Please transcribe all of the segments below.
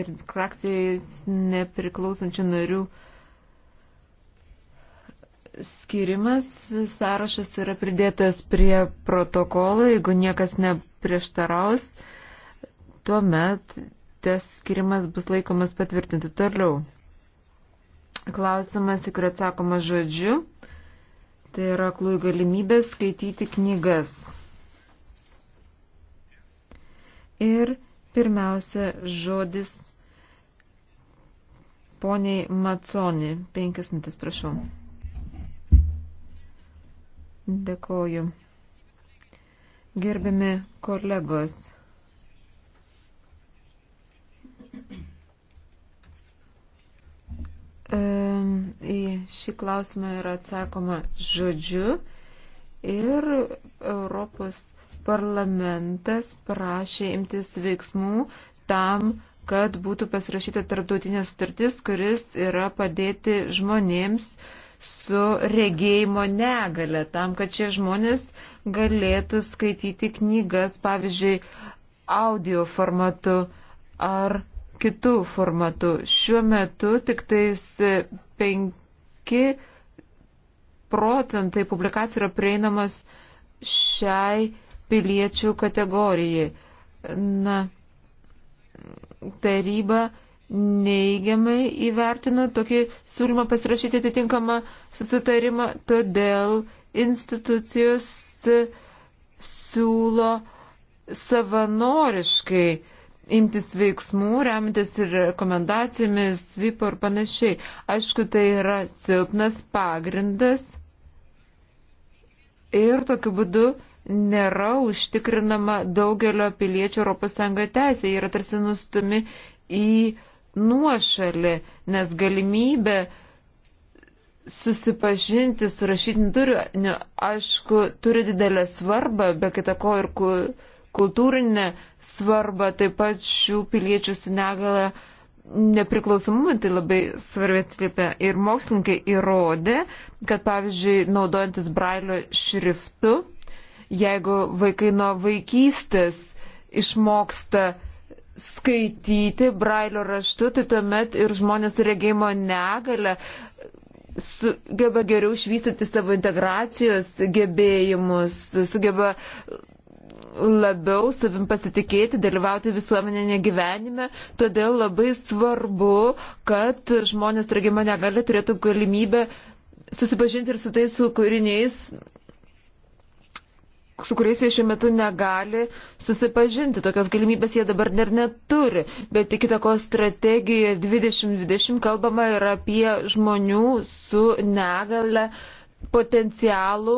ir frakcijais nepriklausančių narių skirimas. Sąrašas yra pridėtas prie protokolo, jeigu niekas neprieštaraus, tuomet tas skirimas bus laikomas patvirtinti toliau. Klausimas, į kurį atsakoma žodžiu, tai yra klųjų galimybė skaityti knygas. Ir Pirmiausia, žodis poniai Maconi. Penkias mintis, prašau. Dėkoju. Gerbiami kolegos. Į šį klausimą yra atsakoma žodžiu ir Europos parlamentas prašė imtis veiksmų tam, kad būtų pasirašyta tarptautinė sutartis, kuris yra padėti žmonėms su regėjimo negale, tam, kad šie žmonės galėtų skaityti knygas, pavyzdžiui, audio formatu ar kitų formatų. Šiuo metu tik tais 5 procentai publikacijų yra prieinamas šiai piliečių kategorijai. Na, taryba neigiamai įvertino tokį siūlymą pasirašyti atitinkamą susitarimą, todėl institucijos siūlo savanoriškai imtis veiksmų, remintis ir rekomendacijomis, VIPO ir panašiai. Aišku, tai yra silpnas pagrindas ir tokiu būdu nėra užtikrinama daugelio piliečių ES teisė, jie yra tarsi nustumi į nuošalį, nes galimybė susipažinti su rašytiniu turiniu, aišku, turi didelę svarbą, be kita ko ir kultūrinę svarbą, taip pat šių piliečių su negale nepriklausomumą tai labai svarbiai atkreipia. Ir mokslininkai įrodė, kad pavyzdžiui, naudojantis brailio šriftu, jeigu vaikai nuo vaikystės išmoksta skaityti brailio raštu, tai tuomet ir žmonės su regėjimo negale sugeba geriau išvystyti savo integracijos gebėjimus, sugeba labiau savim pasitikėti, dalyvauti visuomenėje gyvenime. Todėl labai svarbu, kad žmonės regimo negali turėtų galimybę susipažinti ir su tais su kūriniais, su kuriais jie šiuo metu negali susipažinti. Tokios galimybės jie dabar dar neturi. Bet tik kitako strategija 2020 kalbama ir apie žmonių su negale potencialų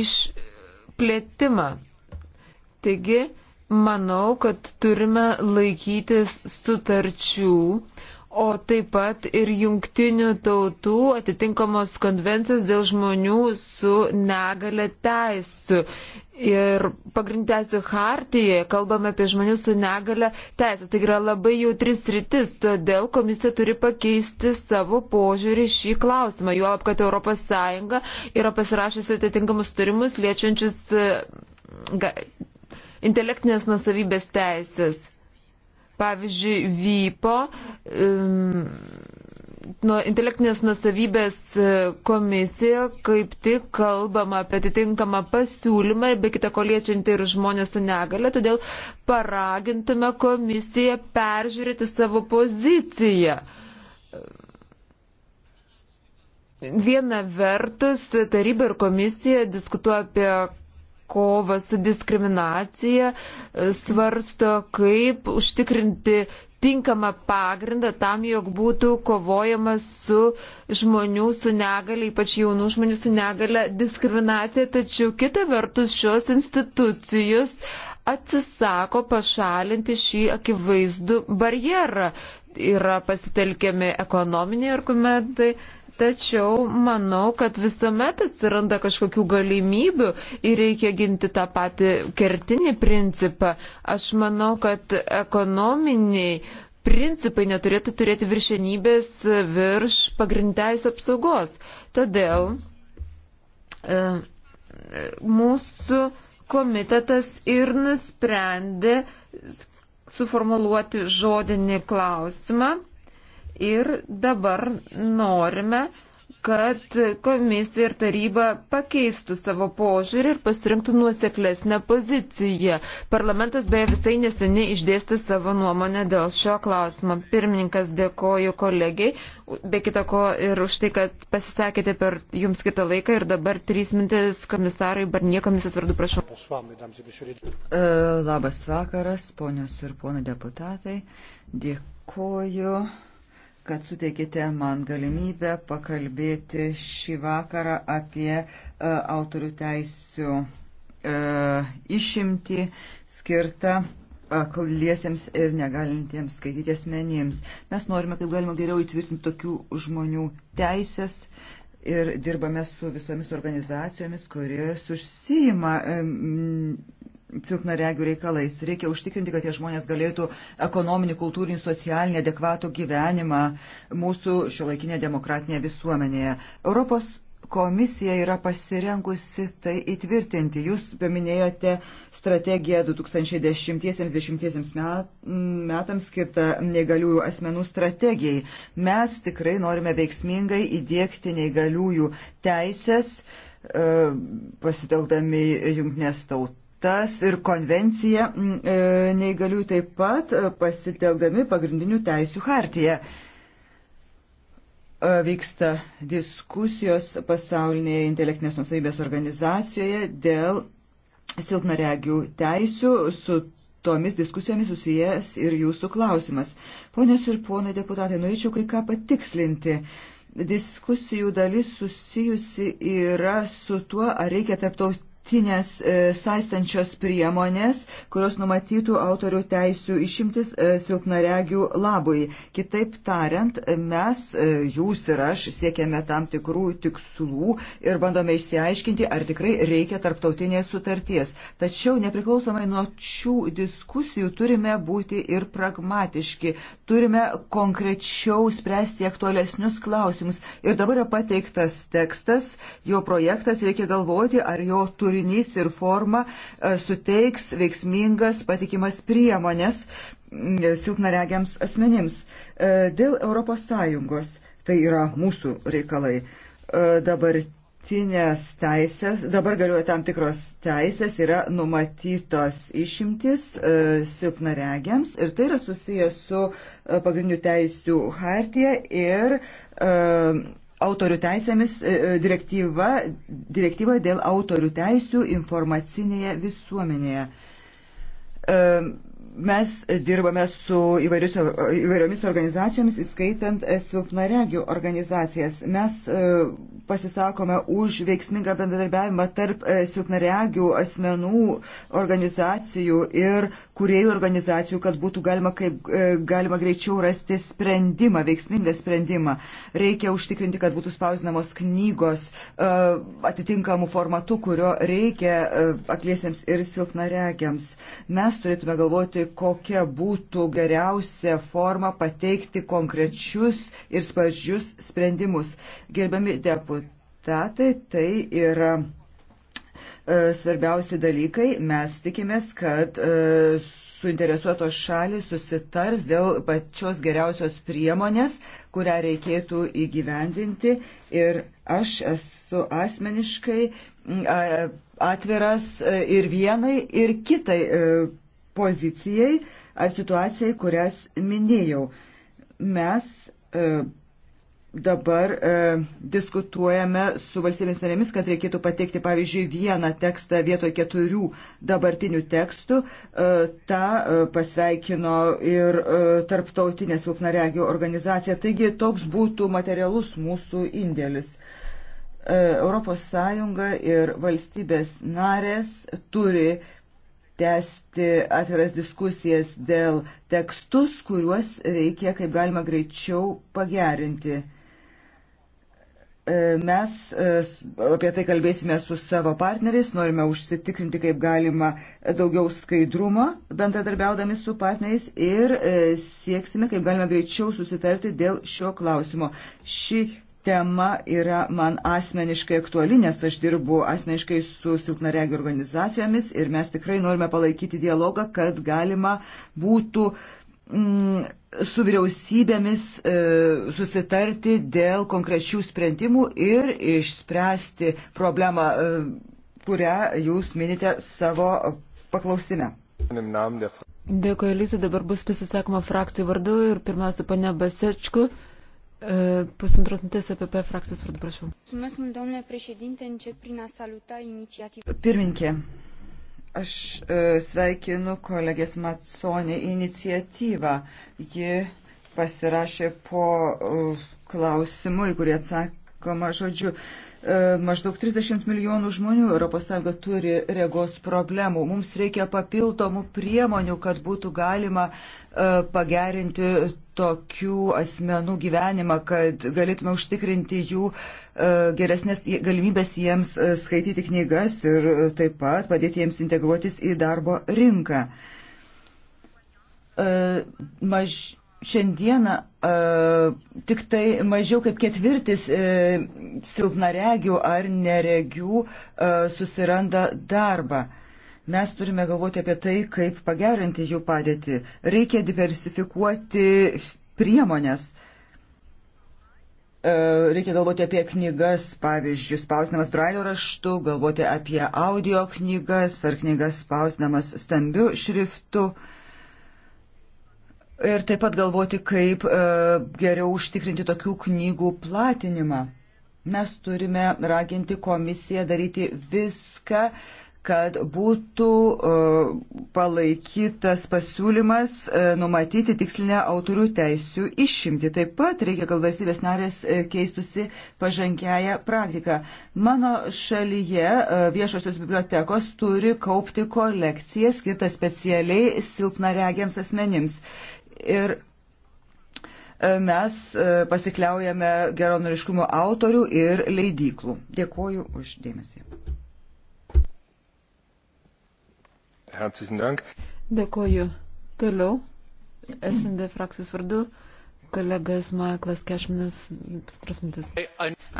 išplėtimą. Taigi, manau, kad turime laikytis sutarčių o taip pat ir jungtinių tautų atitinkamos konvencijos dėl žmonių su negale teisų. Ir pagrindėsiu hartijoje, kalbame apie žmonių su negale teisę. Tai yra labai jautris rytis, todėl komisija turi pakeisti savo požiūrį šį klausimą. Juolab, kad ES yra pasirašęs atitinkamus turimus liečiančius e, intelektinės nusavybės teisės. Pavyzdžiui, Vypo um, nuo intelektinės nusavybės e, komisija kaip tik kalbama apie atitinkamą pasiūlymą ir be kita ko liečianti ir žmonės su negale, todėl paragintume komisiją peržiūrėti savo poziciją. Viena vertus, taryba ir komisija diskutuoja apie kovą su diskriminacija, e, svarsto, kaip užtikrinti tinkamą pagrindą tam, jog būtų kovojama su žmonių su negale, ypač jaunų žmonių su negale diskriminacija, tačiau kita vertus šios institucijos atsisako pašalinti šį akivaizdų barjerą. Yra pasitelkiami ekonominiai argumentai, Tačiau manau, kad visuomet atsiranda kažkokių galimybių ir reikia ginti tą patį kertinį principą. Aš manau, kad ekonominiai principai neturėtų turėti viršenybės virš pagrindteis apsaugos. Todėl e, mūsų komitetas ir nusprendė suformuluoti žodinį klausimą ir dabar norime, kad komisija ir taryba pakeistų savo požiūrį ir pasirinktų nuoseklesnę poziciją. Parlamentas beje visai neseniai išdėstė savo nuomonę dėl šio klausimo. Pirmininkas dėkoju kolegiai, be kita ko ir už tai, kad pasisakėte per jums kitą laiką ir dabar trys mintis komisarui Barnie komisijos vardu prašau. E, labas vakaras, ponios ir ponai deputatai. Dėkoju kad suteikėte man galimybę pakalbėti šį vakarą apie uh, autorių teisių uh, išimtį skirtą akliesiems ir negalintiems skaityti asmenims. Mes norime, kaip galima geriau įtvirtinti tokių žmonių teisės ir dirbame su visomis organizacijomis, kurios užsijima um, silpnaregių reikalais. Reikia užtikrinti, kad tie žmonės galėtų ekonominį, kultūrinį, socialinį, adekvatų gyvenimą mūsų šiuolaikinė demokratinė visuomenėje. Europos komisija yra pasirengusi tai įtvirtinti. Jūs paminėjote strategiją 2010-2010 metams skirtą neįgaliųjų asmenų strategijai. Mes tikrai norime veiksmingai įdėkti neįgaliųjų teisės e, pasitelkdami jungtinės tautas tas ir konvencija mm, e, neįgalių taip pat e, pasitelkdami pagrindinių teisių hartiją. E, vyksta diskusijos pasaulinėje intelektinės nusavybės organizacijoje dėl silpnaregių teisių. Su tomis diskusijomis susijęs ir jūsų klausimas. Ponios ir ponai deputatai, norėčiau kai ką patikslinti diskusijų dalis susijusi yra su tuo, ar reikia tarptautinio nuolatinės e, saistančios priemonės, kurios numatytų autorių teisių išimtis e, silpnaregių labui. Kitaip tariant, mes, e, jūs ir aš, siekiame tam tikrų tikslų ir bandome išsiaiškinti, ar tikrai reikia tarptautinės sutarties. Tačiau nepriklausomai nuo šių diskusijų turime būti ir pragmatiški, turime konkrečiau spręsti aktualesnius klausimus. Ir dabar yra pateiktas tekstas, jo projektas, reikia galvoti, ar jo turi turinys ir forma e, suteiks veiksmingas patikimas priemonės silpnaregiams asmenims. E, dėl ES tai yra mūsų reikalai. E, dabartinės teisės, dabar galioja tam tikros teisės, yra numatytos išimtis silpnaregiams ir tai yra susijęs su pagrindinių teisių hartija ir autorių teisėmis e, e, direktyva, direktyva dėl autorių teisių informacinėje visuomenėje. E, Mes dirbame su įvairiomis organizacijomis, įskaitant e, silpnaregių organizacijas. Mes e, pasisakome už veiksmingą bendradarbiavimą tarp e, silpnaregių asmenų organizacijų ir kuriejų organizacijų, kad būtų galima, kaip, galima greičiau rasti sprendimą, veiksmingą sprendimą. Reikia užtikrinti, kad būtų spausinamos knygos atitinkamų formatų, kurio reikia akliesiems ir silpnaregiams. Mes turėtume galvoti, kokia būtų geriausia forma pateikti konkrečius ir sparčius sprendimus. Gerbiami deputatai, tai yra e, svarbiausi dalykai. Mes tikimės, kad e, suinteresuotos šalis susitars dėl pačios geriausios priemonės, kurią reikėtų įgyvendinti. Ir aš esu asmeniškai atviras e, ir vienai, ir kitai e, pozicijai ar situacijai, kurias minėjau. Mes e, dabar e, diskutuojame su valstybės narėmis, kad reikėtų pateikti, pavyzdžiui, vieną tekstą vietoj keturių dabartinių tekstų. E, ta e, pasveikino ir e, tarptautinė silpnaregių organizacija. Taigi toks būtų materialus mūsų indėlis. E, Europos Sąjunga ir valstybės narės turi tęsti atviras diskusijas dėl tekstus, kuriuos reikia kaip galima greičiau pagerinti. E, mes e, apie tai kalbėsime su savo partneriais, norime užsitikrinti kaip galima daugiau skaidrumo, bendradarbiaudami su partneriais ir e, sieksime kaip galima greičiau susitarti dėl šio klausimo. Ši tema yra man asmeniškai aktuali, nes aš dirbu asmeniškai su silpnaregių organizacijomis ir mes tikrai norime palaikyti dialogą, kad galima būtų mm, su vyriausybėmis e, susitarti dėl konkrečių sprendimų ir išspręsti problemą, e, kurią jūs minite savo paklausime. Dėkui, Elisa, dabar bus pasisakoma frakcijų vardu ir pirmiausia, pane Basečku. E, pusantros minutės apie P frakcijos vardu, prašau. Mulțumesc, domnule președinte, încep prin a saluta inițiativă. Pirminkė, aš e, sveikinu kolegės Matsonį iniciatyvą. Ji pasirašė po e, klausimu, į kurį atsakoma žodžiu. Maždaug 30 milijonų žmonių ES turi regos problemų. Mums reikia papildomų priemonių, kad būtų galima pagerinti tokių asmenų gyvenimą, kad galėtume užtikrinti jų e, geresnės galimybės jiems e, skaityti knygas ir e, taip pat padėti jiems integruotis į darbo rinką. Maž... Šiandieną uh, tik tai mažiau kaip ketvirtis uh, silpnaregių ar neregių uh, susiranda darbą. Uh, Mes turime galvoti apie tai, kaip pagerinti jų padėtį. Reikia diversifikuoti priemonės. E, reikia galvoti apie knygas, pavyzdžiui, spausinamas brailio raštu, galvoti apie audio knygas ar knygas spausinamas stambiu šriftu. Ir taip pat galvoti, kaip e, geriau užtikrinti tokių knygų platinimą mes turime raginti komisiją daryti viską, kad būtų e, palaikytas pasiūlymas e, numatyti tikslinę autorių teisių išimti. Taip pat reikia, kad valstybės narės e, keistusi pažangiają praktiką. Mano šalyje viešosios bibliotekos turi kaupti kolekciją skirtą specialiai silpnaregiams asmenims. Ir mes pasikliaujame geronoriškumo autorių ir leidyklų. Dėkuoju už dėmesį. Herzlichen Dank. Dėkoju. Toliau, SND frakcijos vardu, kolegas Maiklas Kešminas, trasmintis.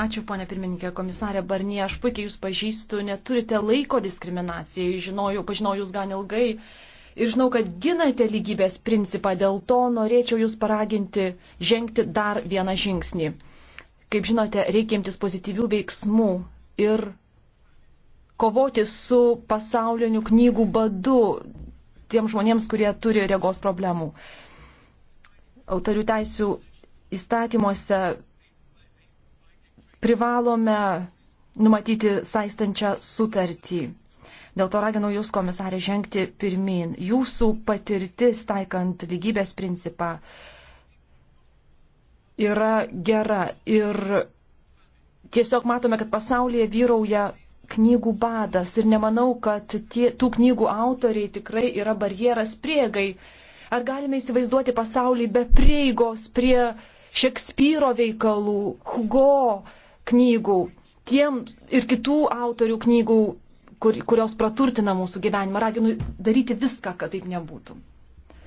Ačiū, ponė pirmininkė, komisarė Barnie, aš puikiai jūs pažįstu, neturite laiko diskriminacijai, žinojau, pažinojau jūs gan ilgai ir žinau, kad ginate lygybės principą, dėl to norėčiau jūs paraginti žengti dar vieną žingsnį. Kaip žinote, reikia imtis pozityvių veiksmų ir kovoti su pasauliniu knygų badu tiem žmonėms, kurie turi regos problemų. Autorių teisų įstatymuose privalome numatyti saistančią sutartį. Dėl to raginau Jūs, komisarė, žengti pirmin. Jūsų patirtis taikant lygybės principą yra gera ir tiesiog matome, kad pasaulyje vyrauja knygų badas ir nemanau, kad tie, tų knygų autoriai tikrai yra barjeras priegai. Ar galime įsivaizduoti pasaulį be prieigos prie Šekspyro veikalų, Hugo knygų, tiem ir kitų autorių knygų, kur, kurios praturtina mūsų gyvenimą. Raginu daryti viską, kad taip nebūtų.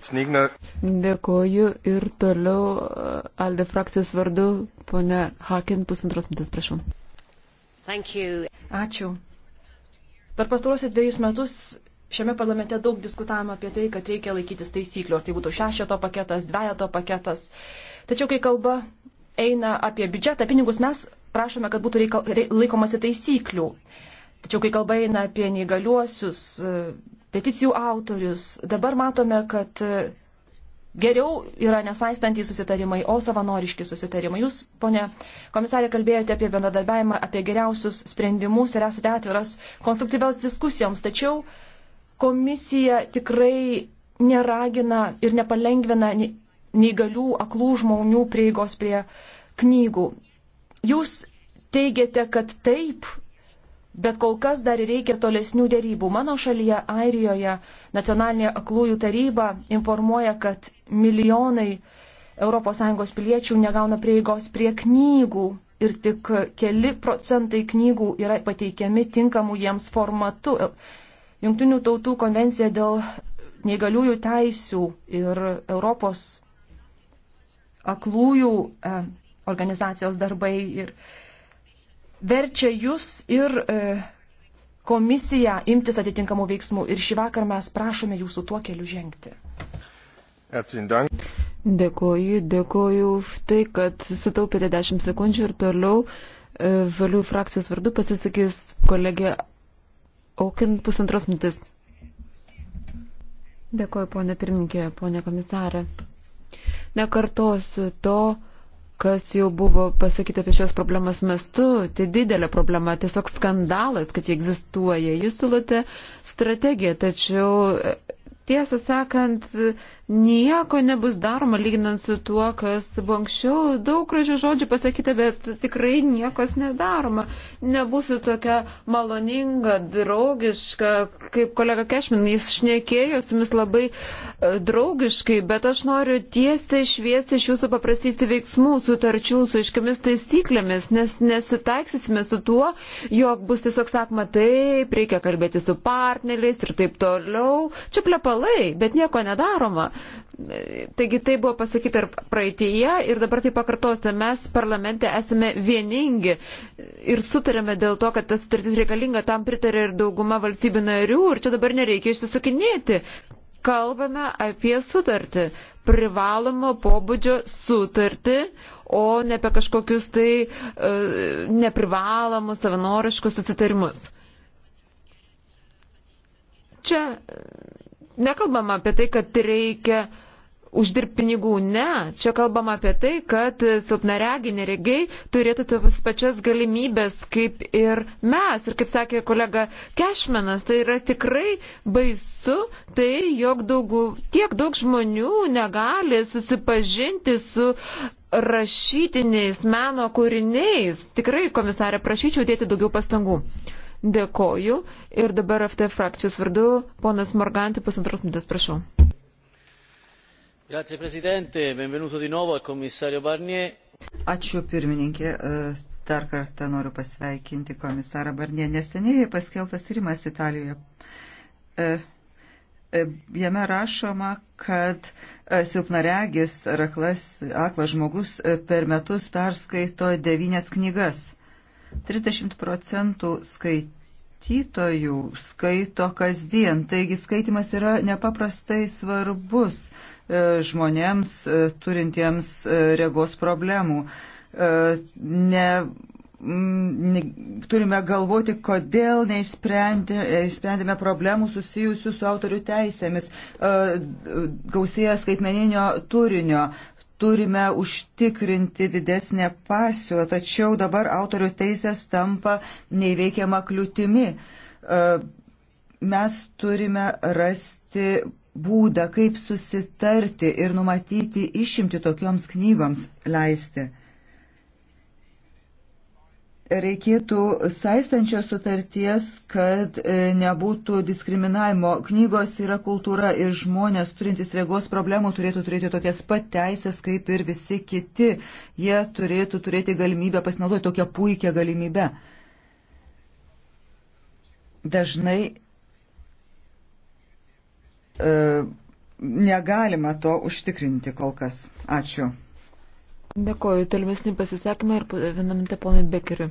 Snygna. Dėkoju ir toliau uh, Alde frakcijos vardu, ponė Hakin, pusantros minutės, prašau. Thank you, Ačiū. Per pastarosius dviejus metus šiame parlamente daug diskutavome apie tai, kad reikia laikytis taisyklių, ar tai būtų šešeto paketas, dvejeto paketas. Tačiau, kai kalba eina apie biudžetą, pinigus mes prašome, kad būtų reikal, re, laikomasi taisyklių. Tačiau, kai kalba eina apie neįgaliuosius, e, peticijų autorius, dabar matome, kad e, geriau yra nesaistantys susitarimai, o savanoriški susitarimai. Jūs, ponė komisarė, kalbėjote apie bendradarbiavimą, apie geriausius sprendimus ir esate atviras konstruktyvios diskusijoms, tačiau komisija tikrai neragina ir nepalengvina neįgalių, aklų žmonių prieigos prie knygų. Jūs teigiate, kad taip, Bet kol kas dar reikia tolesnių dėrybų. Mano šalyje, Airijoje, nacionalinė aklųjų taryba informuoja, kad milijonai ES piliečių negauna prieigos prie knygų ir tik keli procentai knygų yra pateikiami tinkamų jiems formatu. Junktinių tautų konvencija dėl neįgaliųjų teisių ir Europos aklųjų e, organizacijos darbai ir verčia jūs ir e, komisiją imtis atitinkamų veiksmų. Ir šį vakar mes prašome jūsų tuo keliu žengti. Dėkuoju, dėkuoju už tai, kad sutaupėte 10 sekundžių ir toliau e, Žalių frakcijos vardu pasisakys kolegė Aukin pusantros minutės. Dėkuoju, ponė pirmininkė, ponė komisarė. Nekartosiu to, kas jau buvo pasakyta apie šios problemas mestu, tai didelė problema, tiesiog skandalas, kad jie egzistuoja. Jūs siūlote strategiją, tačiau e, tiesą sakant, nieko nebus daroma lyginant su tuo, kas buvo anksčiau. Daug gražių žodžių pasakyta, bet tikrai niekas nedaroma. Nebūsiu tokia maloninga, draugiška, kaip kolega Kešmin. Jis šnekėjo su jumis labai e, draugiškai, bet aš noriu tiesiai šviesiai iš jūsų paprastyti veiksmų, sutarčių, su iškiamis taisyklėmis, nes nesitaiksime su tuo, jog bus tiesiog sakoma taip, reikia kalbėti su partneriais ir taip toliau. Čia plepalai, bet nieko nedaroma. Taigi tai buvo pasakyta ir praeitėje ir dabar tai pakartosiu. Mes parlamente esame vieningi ir sutarėme dėl to, kad tas sutartis reikalinga, tam pritarė ir dauguma valstybių narių ir čia dabar nereikia išsisakinėti. Kalbame apie sutartį, privalomo pobūdžio sutartį, o ne apie kažkokius tai uh, neprivalomus savanoriškus susitarimus. Čia nekalbama apie tai, kad reikia uždirbti pinigų. Ne, čia kalbama apie tai, kad silpnaregiai, neregiai turėtų tas pačias galimybės kaip ir mes. Ir kaip sakė kolega Kešmenas, tai yra tikrai baisu, tai jog daugų, tiek daug žmonių negali susipažinti su rašytiniais meno kūriniais. Tikrai, komisarė, prašyčiau dėti daugiau pastangų. Dėkoju. Ir dabar FT frakcijos vardu ponas Morganti, pusantros minutės, prašau. Grazie, prezidente. Benvenuto di nuovo al komisario Barnier. Ačiū pirmininkė. E, dar kartą noriu pasveikinti komisarą Barnė. Neseniai paskeltas tyrimas Italijoje. E, e, jame rašoma, kad silpnaregis ar aklas, aklas žmogus per metus perskaito devynias knygas. 30 procentų skaitytojų skaito kasdien, taigi skaitimas yra nepaprastai svarbus e, žmonėms e, turintiems e, regos problemų. Ne, ne, turime galvoti, kodėl neišsprendėme problemų susijusių su autorių teisėmis, gausėja skaitmeninio turinio, turime užtikrinti didesnę pasiūlą, tačiau dabar autorių teisės tampa neįveikiama kliūtimi. E, mes turime rasti būdą, kaip susitarti ir numatyti išimti tokioms knygoms leisti reikėtų saistančios sutarties, kad e, nebūtų diskriminavimo. Knygos yra kultūra ir žmonės turintys regos problemų turėtų turėti tokias pat teisės kaip ir visi kiti. Jie turėtų turėti galimybę pasinaudoti tokią puikią galimybę. Dažnai e, negalima to užtikrinti kol kas. Ačiū. Dėkoju, tolvesnį pasisakymą ir vieną mintę ponui Bekeriu.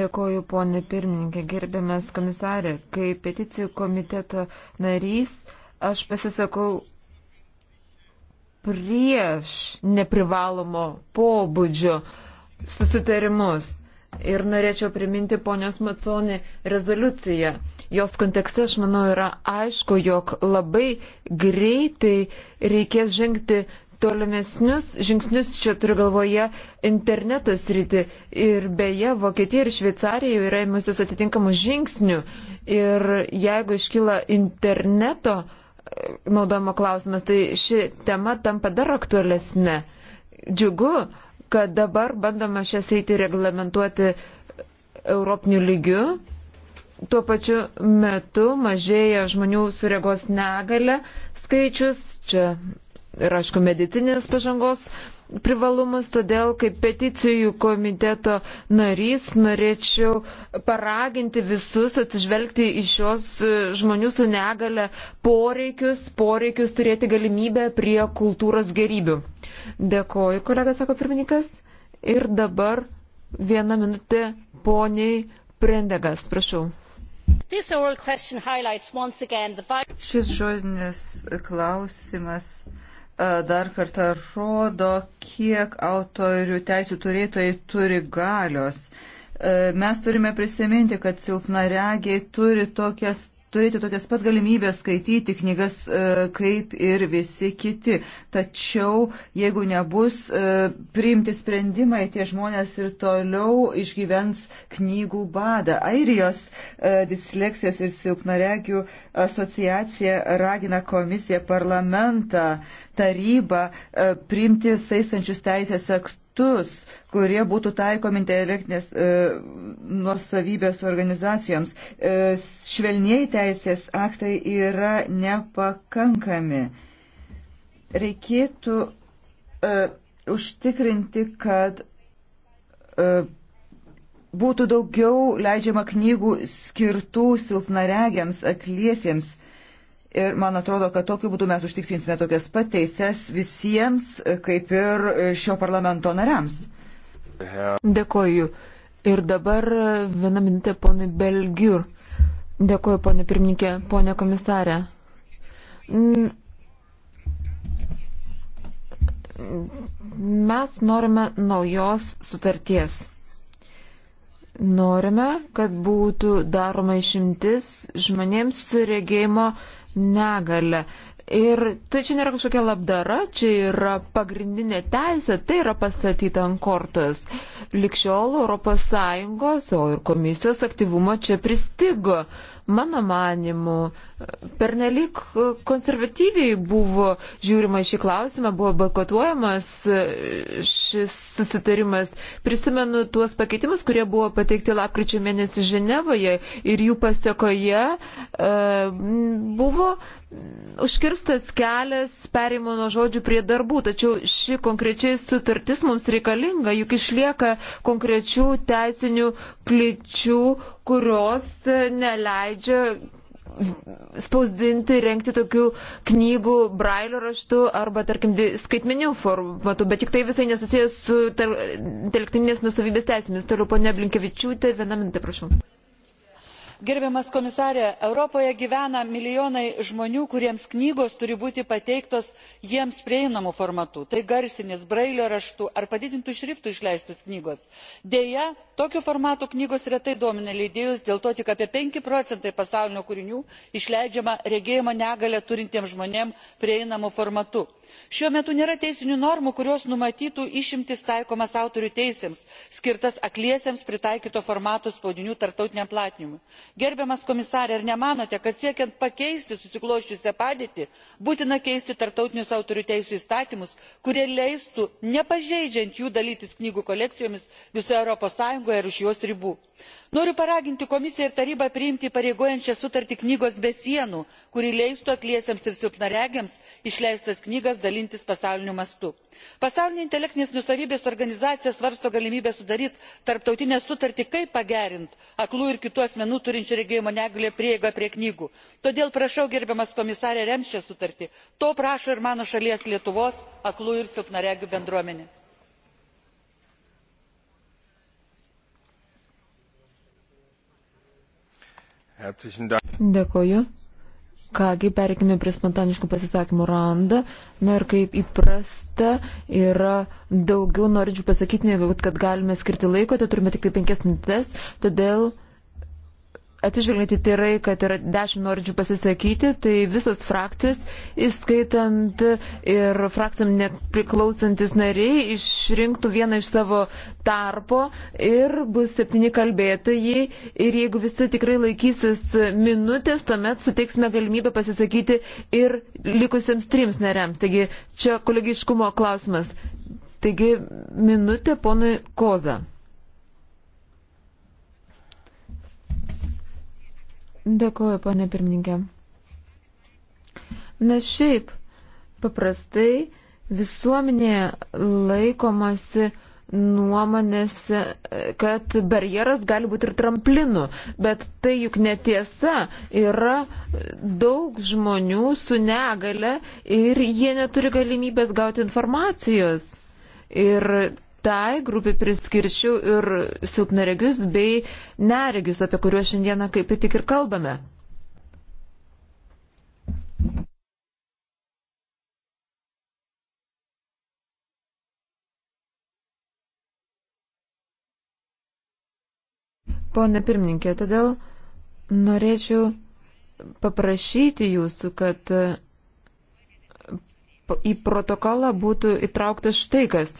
Dėkoju, ponė pirmininkė, gerbiamas komisarė. Kaip peticijų komiteto narys, aš pasisakau prieš neprivalomo pobūdžio susitarimus. Ir norėčiau priminti ponios Maconį rezoliuciją. Jos kontekste, aš manau, yra aišku, jog labai greitai reikės žengti tolimesnius žingsnius, čia turiu galvoje interneto sritį. Ir beje, Vokietija ir Šveicarija jau yra įmusis atitinkamų žingsnių. Ir jeigu iškyla interneto e, naudojimo klausimas, tai ši tema tampa dar aktualesnė. Džiugu, kad dabar bandoma šią sritį reglamentuoti europiniu lygiu. Tuo pačiu metu mažėja žmonių su regos negale skaičius. Čia ir, aišku, medicinės pažangos privalumus, todėl kaip peticijų komiteto narys norėčiau paraginti visus atsižvelgti į šios e, žmonių su negale poreikius, poreikius turėti galimybę prie kultūros gerybių. Dėkoju, kolega, sako pirmininkas. Ir dabar viena minutė poniai Prendegas, prašau. Šis žodinis klausimas E, dar kartą rodo, kiek autorių teisų turėtojai turi galios. E, mes turime prisiminti, kad silpnaregiai turi tokias turėti tokias pat galimybės skaityti knygas e, kaip ir visi kiti. Tačiau jeigu nebus e, priimti sprendimai, tie žmonės ir toliau išgyvens knygų badą. Airijos e, disleksijos ir silpnaregių asociacija ragina komisiją, parlamentą, tarybą priimti saistančius teisės aktus aktus, kurie būtų taikomi intelektinės e, nuosavybės organizacijoms. E, švelniai teisės aktai yra nepakankami. Reikėtų e, užtikrinti, kad e, būtų daugiau leidžiama knygų skirtų silpnaregiams, akliesiems. E, Ir man atrodo, kad tokiu būdu mes užtiksinsime tokias pat teises visiems, e, kaip ir e, šio parlamento nariams. Dėkoju. Ir dabar e, vieną minutę ponui Belgiu. Dėkoju, ponė pirmininkė, ponė komisarė. Mes norime naujos sutarties. Norime, kad būtų daroma išimtis žmonėms su regėjimo negalę. Ir tai čia nėra kažkokia labdara, čia yra pagrindinė teisė, tai yra pastatyta ant kortas. Likščiol ES, o ir komisijos aktyvumo čia pristigo. Mano manimu, pernelik konservatyviai buvo žiūrima šį klausimą, buvo bakotuojamas e, šis susitarimas. Prisimenu tuos pakeitimus, kurie buvo pateikti lapkričio mėnesį Ženevoje ir jų pasiekoje e, buvo užkirstas kelias perimo nuo žodžių prie darbų, tačiau ši konkrečiai sutartis mums reikalinga, juk išlieka konkrečių teisinių kličių, kurios neleidžia spausdinti, renkti tokių knygų brailio raštu arba, tarkim, skaitmeniu formatu, bet tik tai visai nesusijęs su telktinės nusavybės teisėmis. Toliau, ponia Blinkevičiūtė, vieną minutę, prašau gerbiamas komisare europoje gyvena milijonai žmonių kuriems knygos turi būti pateiktos jiems prieinamu formatu tai garsinės brailio raštu ar padidintu šriftu išleistos knygos. deja tokiu formatu knygos retai domina leidėjus dėl to tik apie penki procentai pasaulinių kūrinių išleidžiama regėjimo negalią turintiems žmonėms prieinamu formatu šiuo metu nėra teisinių normų kurios numatytų išimtis taikomas autorių teisėms skirtas akliesiems pritaikyto formato spaudinių tarptautiniam platinimui. gerbiamas komisare ar nemanote kad siekiant pakeisti susiklosčiusią padėtį būtina keisti tarptautinius autorių teisių įstatymus kurie leistų nepažeidžiant jų dalytis knygų kolekcijomis visoje europos sąjungoje ir už jos ribų? noriu paraginti komisiją ir tarybą priimti įpareigojančią sutartį knygos be sienų kuri leistų akliesiems ir silpnaregiams išleistas knygas galimybės dalintis pasauliniu mastu. pasaulinė intelektinės nuosavybės organizacija svarsto galimybę sudaryti tarptautinę sutartį kaip pagerinti aklų ir kitų asmenų turinčių regėjimo negalią prieigą prie knygų. todėl prašau gerbiamas komisare remk šią sutartį to prašo ir mano šalies lietuvos aklųjų ir silpnaregių bendruomenė. Dėkoju. Kągi, perkime prie spontaniškų pasisakymų randą. Na ir kaip įprasta, yra daugiau norinčių pasakyti, negu kad galime skirti laiko, tai turime tik tai penkias minutės, todėl Atsižvelgiant į tai, kad yra dešimt norinčių pasisakyti, tai visas frakcijas, įskaitant ir frakcijom nepriklausantis nariai, išrinktų vieną iš savo tarpo ir bus septyni kalbėtojai. Ir jeigu visi tikrai laikysis minutės, tuomet suteiksime galimybę pasisakyti ir likusiems trims nariams. Taigi čia kolegiškumo klausimas. Taigi minutė ponui Koza. Dėkuoju, ponė pirmininkė. Na šiaip, paprastai visuomenėje laikomasi nuomonės, kad barjeras gali būti ir tramplinu, bet tai juk netiesa. Yra daug žmonių su negale ir jie neturi galimybės gauti informacijos. Ir tai grupiai priskirčiau ir silpnaregius bei neregius, apie kuriuos šiandieną kaip tik ir kalbame. Pone pirmininkė, todėl norėčiau paprašyti jūsų, kad į protokolą būtų įtrauktas štai kas.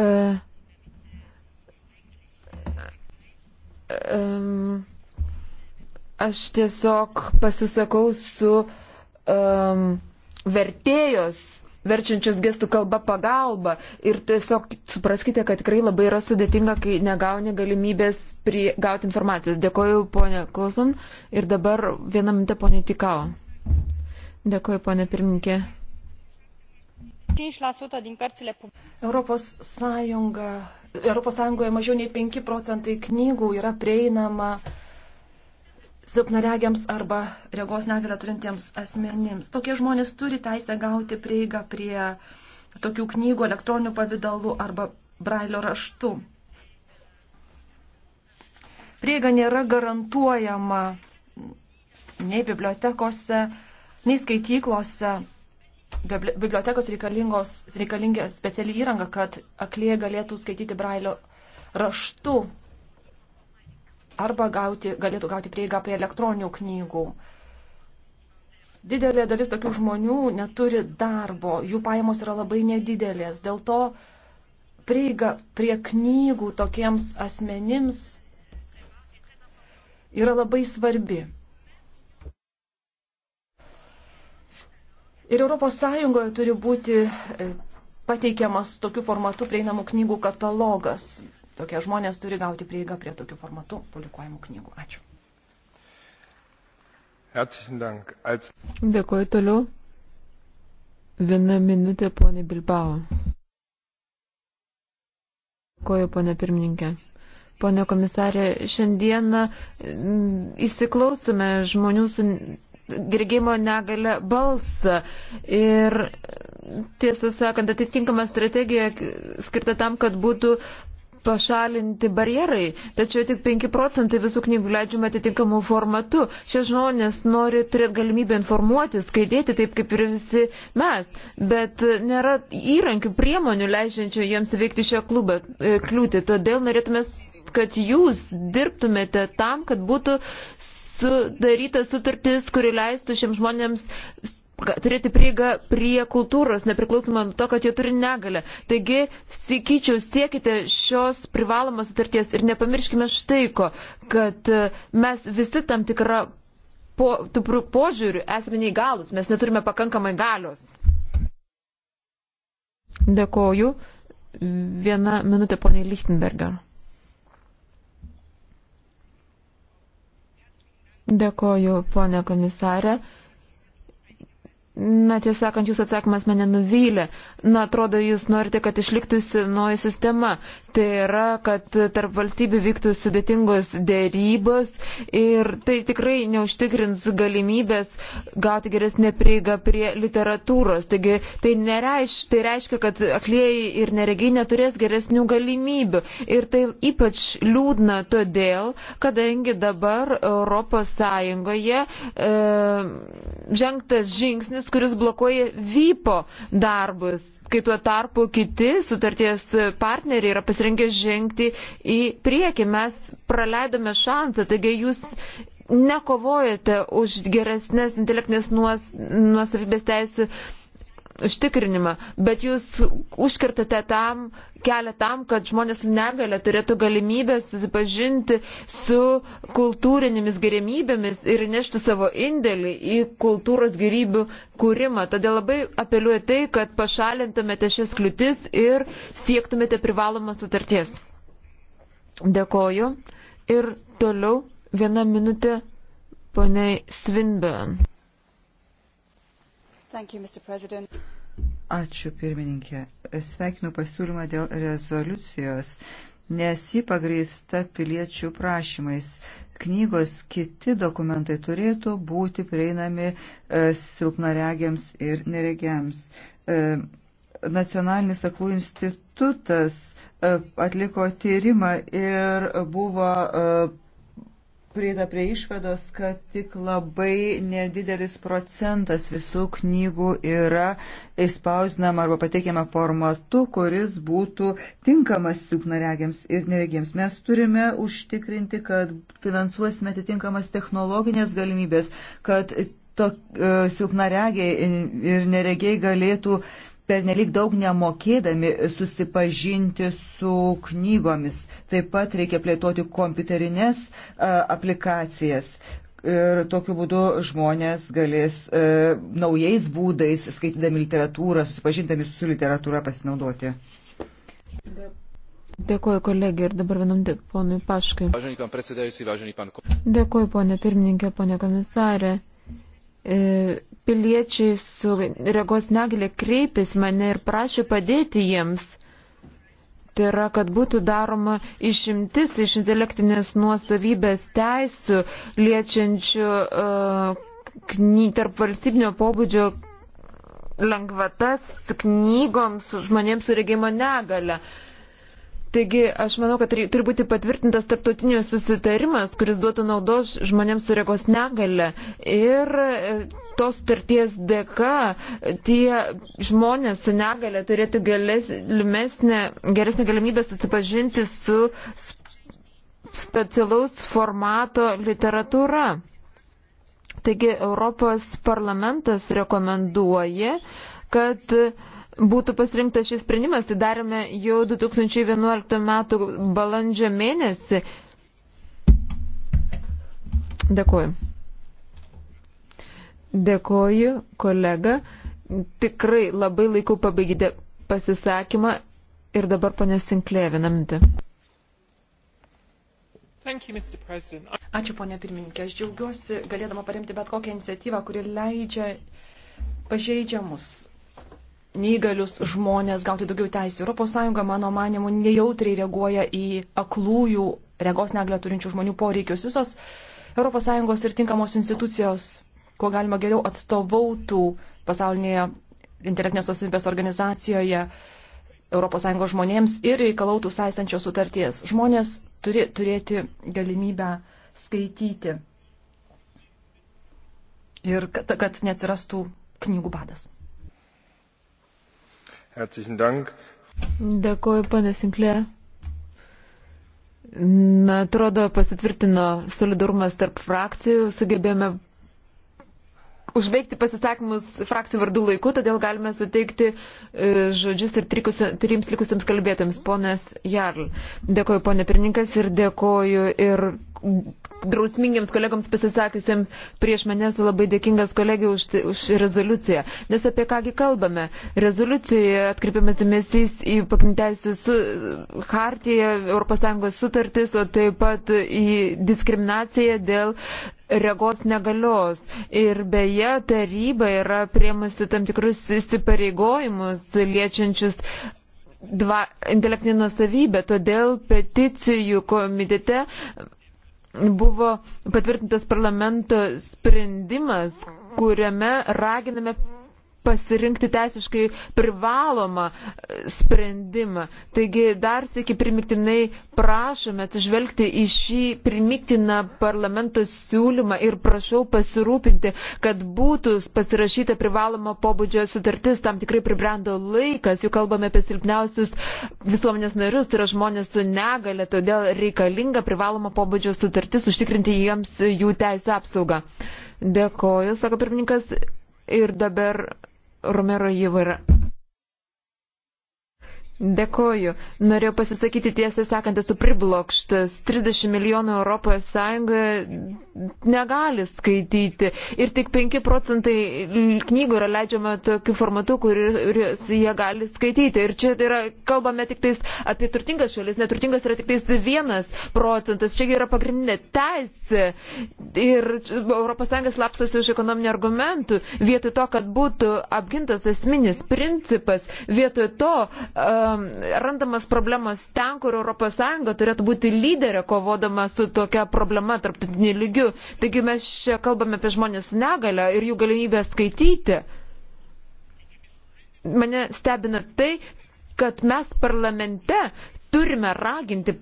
Uh, um, aš tiesiog pasisakau su um, vertėjos, verčiančios gestų kalba pagalba ir tiesiog supraskite, kad tikrai labai yra sudėtinga, kai negauni galimybės prie, gauti informacijos. Dėkoju, ponė Kozan, ir dabar vieną minutę, ponė Tikau. Dėkoju, ponė pirmininkė. Europos, Sąjunga, Europos Sąjungoje mažiau nei 5 procentai knygų yra prieinama silpnaregiams arba regos negalę turintiems asmenims. Tokie žmonės turi teisę gauti prieigą prie tokių knygų elektroninių pavydalų arba brailio raštu. Prieiga nėra garantuojama nei bibliotekose, nei skaityklose bibliotekos reikalinga speciali įranga, kad aklie galėtų skaityti brailio raštu arba gauti, galėtų gauti prieigą prie elektroninių knygų. Didelė dalis tokių žmonių neturi darbo, jų pajamos yra labai nedidelės, dėl to prieiga prie knygų tokiems asmenims yra labai svarbi. Ir ES turi būti e, pateikiamas tokiu formatu prieinamų knygų katalogas. Tokie žmonės turi gauti prieigą prie tokių formatų publikuojamų knygų. Ačiū. Dėkuoju toliau. Viena minutė, ponė Bilbao. Dėkuoju, ponė pirmininkė. Pone komisarė, šiandieną įsiklausome žmonių su girdėjimo negalę balsą. Ir tiesą sakant, atitinkama strategija skirta tam, kad būtų pašalinti barjerai, tačiau tik 5 procentai visų knygų leidžiama atitinkamų formatų. Šie žmonės nori turėti galimybę informuoti, skaityti taip kaip ir visi mes, bet nėra įrankių, priemonių leidžiančių jiems veikti šią klubą, e, kliūtį. Todėl norėtume, kad jūs dirbtumėte tam, kad būtų sudaryta sutartis, kuri leistų šiems žmonėms turėti prieigą prie kultūros, nepriklausomai nuo to, kad jie turi negalę. Taigi, sakyčiau, siekite šios privalomos sutarties ir nepamirškime štai ko, kad e, mes visi tam tikrą po, požiūrių esame neįgalus, mes neturime pakankamai galios. Dėkoju. Viena minutė poniai Lichtenberger. Dėkoju, ponė komisarė. Na, tiesą sakant, jūsų atsakymas mane nuvylė. Na, atrodo, jūs norite, kad išliktų senoji sistema. Tai yra, kad tarp valstybių vyktų sudėtingos dėrybos ir tai tikrai neužtikrins galimybės gauti geresnę prieigą prie literatūros. Taigi, tai, nereiš, tai reiškia, kad aklieji ir neregiai neturės geresnių galimybių. Ir tai ypač liūdna todėl, kadangi dabar ES e, žengtas žingsnis partneris, kuris blokuoja VIPO darbus, kai tuo tarpu kiti sutarties partneriai yra pasirinkę žengti į priekį. Mes praleidome šansą, taigi jūs nekovojate už geresnės intelektinės nuos, nuosavybės teisų užtikrinimą, bet jūs užkirtate tam kelią tam, kad žmonės su negale turėtų galimybę susipažinti su kultūrinėmis gerėmybėmis ir nešti savo indėlį į kultūros gerybių kūrimą. Todėl labai apeliuoju tai, kad pašalintumėte šias kliūtis ir siektumėte privalomą sutarties. Dėkoju. Ir toliau viena minutė poniai Svinbėn. You, Ačiū pirmininkė. Sveikinu pasiūlymą dėl rezoliucijos, nes ji pagrįsta piliečių prašymais. Knygos kiti dokumentai turėtų būti prieinami e, silpnaregiams ir neregiams. E, nacionalinis aklų institutas e, atliko tyrimą ir buvo e, prieita prie išvados, kad tik labai nedidelis procentas visų knygų yra išspausdinama arba pateikiama formatu, kuris būtų tinkamas silpnaregiams ir neregiams. Mes turime užtikrinti, kad finansuosime atitinkamas technologinės galimybės, kad to, e, silpnaregiai ir neregiai galėtų e, pernelik daug nemokėdami susipažinti su knygomis. Taip pat reikia plėtoti kompiuterinės e, aplikacijas. Ir tokiu būdu žmonės galės e, naujais būdais, skaitydami literatūrą, susipažindami su literatūra, pasinaudoti. Dėkuoju kolegė ir dabar vienam ponui Paškai. Dėkuoju ponė pirmininkė, ponė komisarė. E, piliečiai su regos negalė kreipėsi mane ir prašė padėti jiems. Tai yra, kad būtų daroma išimtis iš intelektinės nuosavybės teisų liečiančių uh, kny, tarp valstybinio pobūdžio lengvatas knygoms žmonėms su regimo negale. Uh, Taigi aš manau, kad turi būti patvirtintas tarptautinio susitarimas, kuris duotų naudos žmonėms su regos negale. Ir e, tos sutarties dėka e, tie žmonės su negale turėtų galės, limesnė, geresnė galimybė susipažinti su specialaus formato literatūra. Taigi Europos parlamentas rekomenduoja, kad uh, būtų pasirinktas šis sprendimas, tai darėme jau 2011 m. balandžio mėnesį. Dėkuoju. Dėkuoju, kolega. Tikrai labai laiku pabaigėte pasisakymą ir dabar ponė Sinklė vieną mintį. Ačiū, ponė pirmininkė. Aš džiaugiuosi galėdama paremti bet kokią iniciatyvą, kuri leidžia pažeidžiamus neįgalius žmonės gauti daugiau teisų. ES, mano manimu, nejautriai reaguoja į aklųjų, regos negalę turinčių žmonių poreikius. Visos ES ir tinkamos institucijos, kuo galima geriau atstovautų pasaulinėje intelektinės osybės organizacijoje ES žmonėms ir reikalautų saistančios sutarties. Žmonės turi turėti galimybę skaityti ir kad, kad neatsirastų knygų badas. Dėkuoju, pane Sinklė. Na, atrodo, pasitvirtino solidarumas tarp frakcijų, sugebėjome užbaigti pasisakymus frakcijų vardų laiku, todėl galime suteikti e, žodžius ir trims likusiems kalbėtams. Ponas Jarl, dėkoju ponė pirmininkas ir dėkoju ir drausmingiams kolegams pasisakiusiems prieš mane esu labai dėkingas kolegijai už, tai, už rezoliuciją. Nes apie kągi kalbame. Rezoliucijoje atkreipiamas dėmesys į pagrindinteisių su hartiją, ES sutartis, o taip pat į diskriminaciją dėl regos negalios. Ir beje, taryba yra priemusi tam tikrus įsipareigojimus liečiančius dva, intelektinį nusavybę, todėl peticijų komitete buvo patvirtintas parlamento sprendimas, kuriame raginame pasirinkti teisiškai privalomą e, sprendimą. Taigi dar sėki primiktinai prašome atsižvelgti į šį primiktiną parlamento siūlymą ir prašau pasirūpinti, kad būtų pasirašyta privaloma pobūdžio sutartis, tam tikrai pribrendo laikas, juk kalbame apie silpniausius visuomenės narius, tai yra žmonės su negale, todėl reikalinga privaloma pobūdžio sutartis užtikrinti jiems jų teisų apsaugą. Dėkoju, sako pirmininkas. Ir dabar Romero jau yra Dėkoju. Norėjau pasisakyti tiesą sakant, esu priblokštas. 30 milijonų Europos Sąjunga negali skaityti. Ir tik 5 procentai knygų yra leidžiama tokiu formatu, kuris jie gali skaityti. Ir čia yra, kalbame tik tais apie turtingas šalis. Neturtingas yra tik tais vienas procentas. Čia yra pagrindinė teisė. Ir Europos Sąjunga slapsosi už ekonominių argumentų. Vietoj to, kad būtų apgintas esminis principas, vietoj to. Uh, randamas problemos ten, kur ES turėtų būti lyderė kovodama su tokia problema tarptautiniu lygiu. Taigi mes čia kalbame apie žmonės negalę ir jų galimybę skaityti. Mane stebina tai, kad mes parlamente turime raginti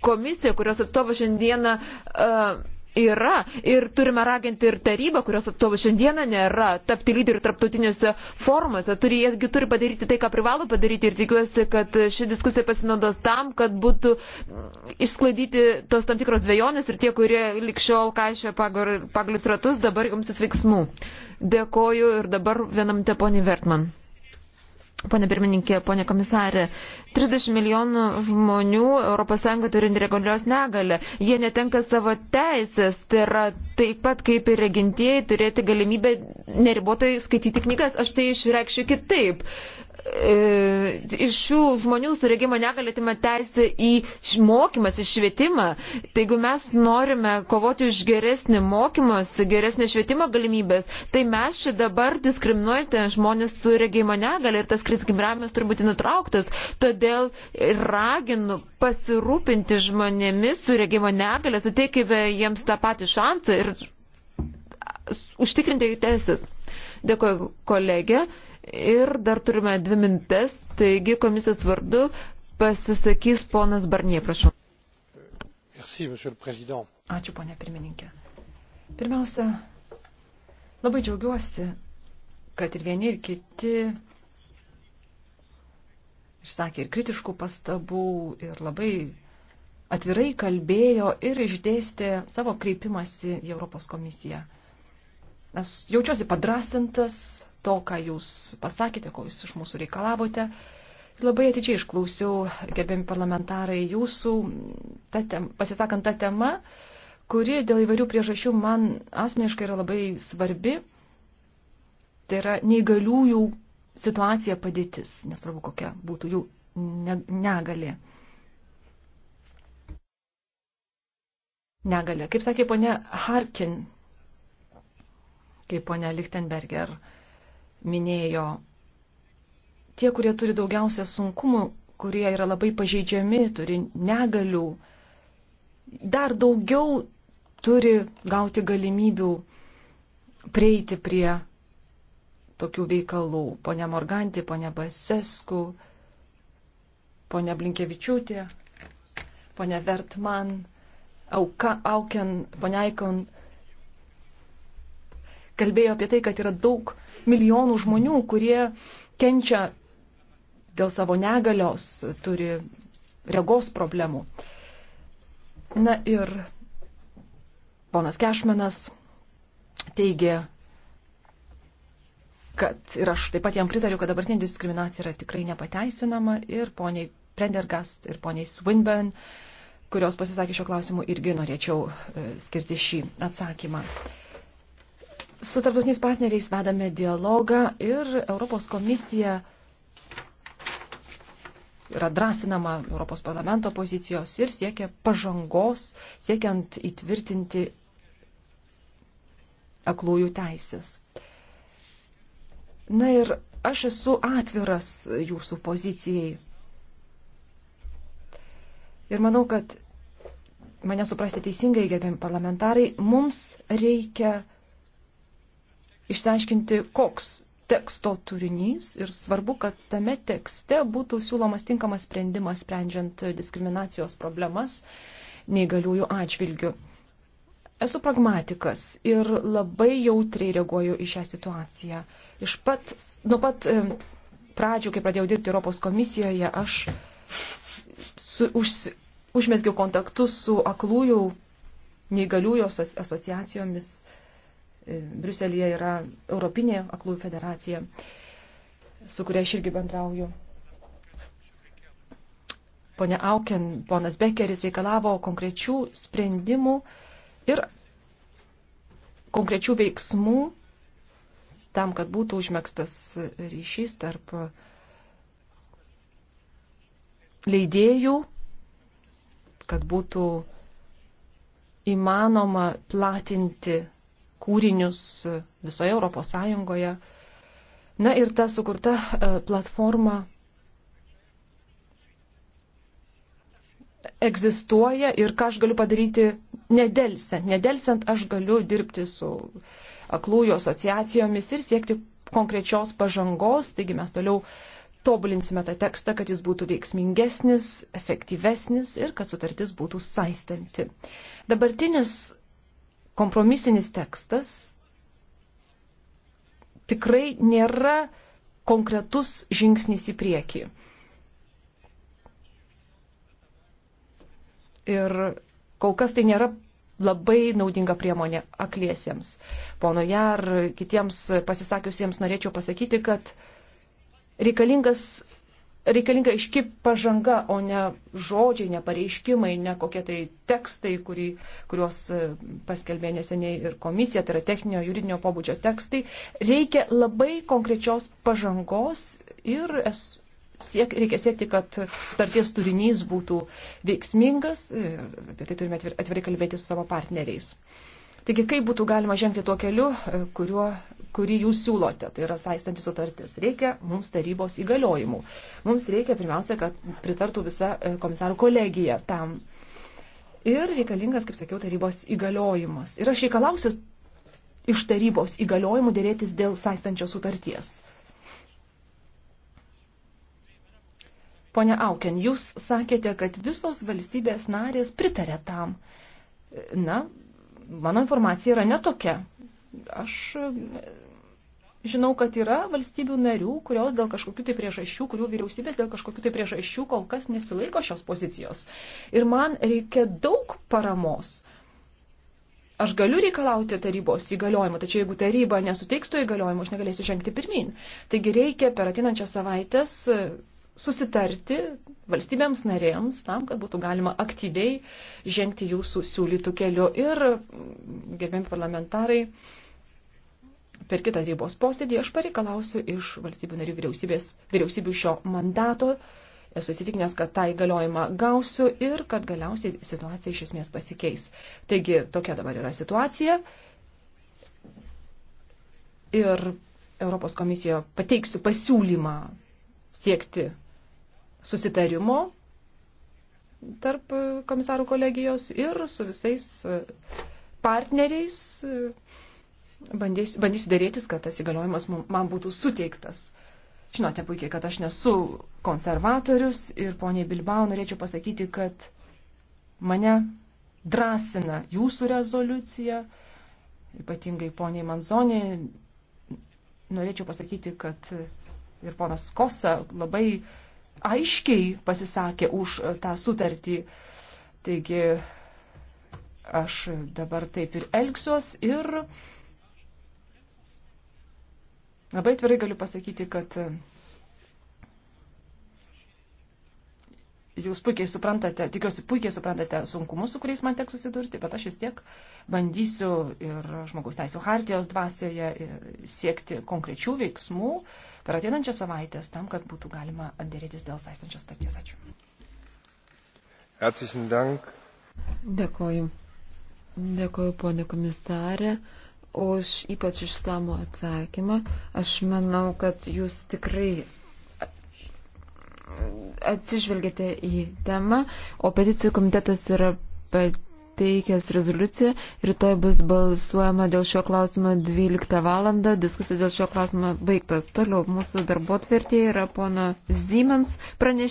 komisiją, kurios atstovas šiandieną uh, yra ir turime raginti ir tarybą, kurios atstovų šiandieną nėra, tapti lyderių tarptautiniuose formuose. Turi, jiegi turi padaryti tai, ką privalo padaryti ir tikiuosi, kad ši diskusija pasinaudos tam, kad būtų išsklaidyti tos tam tikros dviejonės ir tie, kurie likščiol kaišė pagal, pagal ratus, dabar jums veiksmų. Dėkoju ir dabar vienam teponį Vertman. Pone pirmininkė, pone komisarė, 30 milijonų žmonių ES turi nereguliarios negalę. Jie netenka savo teisės. Tai yra taip pat kaip ir regintieji turėti galimybę neribotai skaityti knygas. Aš tai išreikščiu kitaip. E, iš šių žmonių su regimo negalitime teisę į mokymas, į švietimą. Tai jeigu mes norime kovoti už geresnį mokymas, geresnį švietimo galimybės, tai mes čia dabar diskriminuojate žmonės su regimo negalė ir tas diskriminavimas turi būti nutrauktas. Todėl raginu pasirūpinti žmonėmis su regimo negalė, suteikime jiems tą patį šansą ir užtikrinti jų teisės. Dėkuoju kolegė. Ir dar turime dvi mintes, taigi komisijos vardu pasisakys ponas Barnie, prašau. Merci, Ačiū, ponė pirmininkė. Pirmiausia, labai džiaugiuosi, kad ir vieni, ir kiti išsakė ir kritiškų pastabų, ir labai atvirai kalbėjo ir išdėstė savo kreipimąsi į Europos komisiją. Aš jaučiuosi padrasintas, to, ką jūs pasakėte, ko jūs iš mūsų reikalavote. Labai atidžiai išklausiau, gerbiami parlamentarai, jūsų ta tem, pasisakant tą temą, kuri dėl įvairių priežasčių man asmeniškai yra labai svarbi. Tai yra neįgaliųjų situacija padėtis, nesvarbu kokia būtų jų negalė. Negalė. Kaip sakė ponia Harkin, kaip ponia Lichtenberger, minėjo, tie, kurie turi daugiausia sunkumų, kurie yra labai pažeidžiami, turi negalių, dar daugiau turi gauti galimybių prieiti prie tokių veikalų. Pone Morganti, pone Basesku, pone Blinkevičiūtė, pone Vertman, Auka, Auken, pone Aikon kalbėjo apie tai, kad yra daug milijonų žmonių, kurie kenčia dėl savo negalios, turi regos problemų. Na ir ponas Kešmenas teigė, kad ir aš taip pat jam pritariu, kad dabartinė diskriminacija yra tikrai nepateisinama ir poniai Prendergast ir poniai Swinburne, kurios pasisakė šio klausimu, irgi norėčiau e, skirti šį atsakymą. Su tarptautiniais partneriais vedame dialogą ir Europos komisija yra drąsinama Europos parlamento pozicijos ir siekia pažangos, siekiant įtvirtinti aklųjų teisės. Na ir aš esu atviras jūsų pozicijai. Ir manau, kad mane suprasti teisingai, gerbiami parlamentarai, mums reikia išsiaiškinti, koks teksto turinys ir svarbu, kad tame tekste būtų siūlomas tinkamas sprendimas sprendžiant diskriminacijos problemas neįgaliųjų atžvilgių. Esu pragmatikas ir labai jautriai reaguoju į šią situaciją. Iš pat, nuo pat pradžių, kai pradėjau dirbti Europos komisijoje, aš su, už, užmesgiau kontaktus su aklųjų neįgaliųjų asociacijomis, aso, Briuselėje yra Europinė aklųjų federacija, su kuria aš irgi bendrauju. Pone Auken, ponas Bekeris reikalavo konkrečių sprendimų ir konkrečių veiksmų tam, kad būtų užmėgstas ryšys tarp leidėjų, kad būtų įmanoma platinti kūrinius visoje Europos Sąjungoje. Na ir ta sukurta e, platforma egzistuoja ir ką aš galiu padaryti nedelsiant. Nedelsiant aš galiu dirbti su aklųjų asociacijomis ir siekti konkrečios pažangos, taigi mes toliau tobulinsime tą tekstą, kad jis būtų veiksmingesnis, efektyvesnis ir kad sutartis būtų saistanti. Dabartinis kompromisinis tekstas tikrai nėra konkretus žingsnis į priekį. Ir kol kas tai nėra labai naudinga priemonė akliesiems. Pono Jar, kitiems pasisakiusiems norėčiau pasakyti, kad reikalingas reikalinga iški pažanga, o ne žodžiai, ne pareiškimai, ne kokie tai tekstai, kurį, kuriuos e, paskelbė neseniai ir komisija, tai yra techninio juridinio pobūdžio tekstai. Reikia labai konkrečios pažangos ir esu. Siek, reikia siekti, kad sutarties turinys būtų veiksmingas, e, apie tai turime atvirai kalbėti su savo partneriais. Taigi, kaip būtų galima žengti tuo keliu, e, kuriuo kurį jūs siūlote, tai yra saistanti sutartis. Reikia mums tarybos įgaliojimų. Mums reikia pirmiausia, kad pritartų visa e, komisarų kolegija tam. Ir reikalingas, kaip sakiau, tarybos įgaliojimas. Ir aš reikalausiu iš tarybos įgaliojimų dėrėtis dėl saistančios sutarties. Pone Auken, jūs sakėte, kad visos valstybės narės pritarė tam. E, na, mano informacija yra netokia. Aš e, žinau, kad yra valstybių narių, kurios dėl kažkokių tai priežasčių, kurių vyriausybės dėl kažkokių tai priežasčių kol kas nesilaiko šios pozicijos. Ir man reikia daug paramos. Aš galiu reikalauti tarybos įgaliojimo, tačiau jeigu taryba nesuteiks to įgaliojimo, aš negalėsiu žengti pirmin. Taigi reikia per atinančias savaitės susitarti valstybėms narėms tam, kad būtų galima aktyviai žengti jūsų siūlytų keliu. Ir, mm, gerbėjim parlamentarai, per kitą tarybos posėdį aš pareikalausiu iš valstybių narių vyriausybių šio mandato. Esu įsitikinęs, kad tą įgaliojimą gausiu ir kad galiausiai situacija iš esmės pasikeis. Taigi tokia dabar yra situacija. Ir Europos komisijoje pateiksiu pasiūlymą siekti susitarimo tarp komisarų kolegijos ir su visais e, partneriais bandysiu, e, bandysiu dėrėtis, kad tas įgaliojimas man būtų suteiktas. Žinote puikiai, kad aš nesu konservatorius ir poniai Bilbao norėčiau pasakyti, kad mane drąsina jūsų rezoliucija, ypatingai poniai Manzonė. Norėčiau pasakyti, kad ir ponas Kosa labai uh, aiškiai pasisakė už e, tą sutartį. Taigi aš dabar taip ir elgsiuos ir labai tvirtai galiu pasakyti, kad e, jūs puikiai suprantate, tikiuosi puikiai suprantate sunkumus, su kuriais man teks susidurti, bet aš vis tiek bandysiu ir žmogaus teisų hartijos dvasioje e, siekti konkrečių veiksmų, uh, per ateinančią savaitę tam, kad būtų galima dėrėtis dėl saistančios starties. Ačiū. Dėkoju. Dėkoju, ponė komisarė, už ypač išsamų atsakymą. Aš manau, kad jūs tikrai atsižvelgėte į temą, o peticijų komitetas yra pat pateikęs rezoliuciją. Rytoj bus balsuojama dėl šio klausimo 12 val. Diskusijos dėl šio klausimo baigtos. Toliau mūsų darbo tvirtėje yra pono Zymens pranešimas.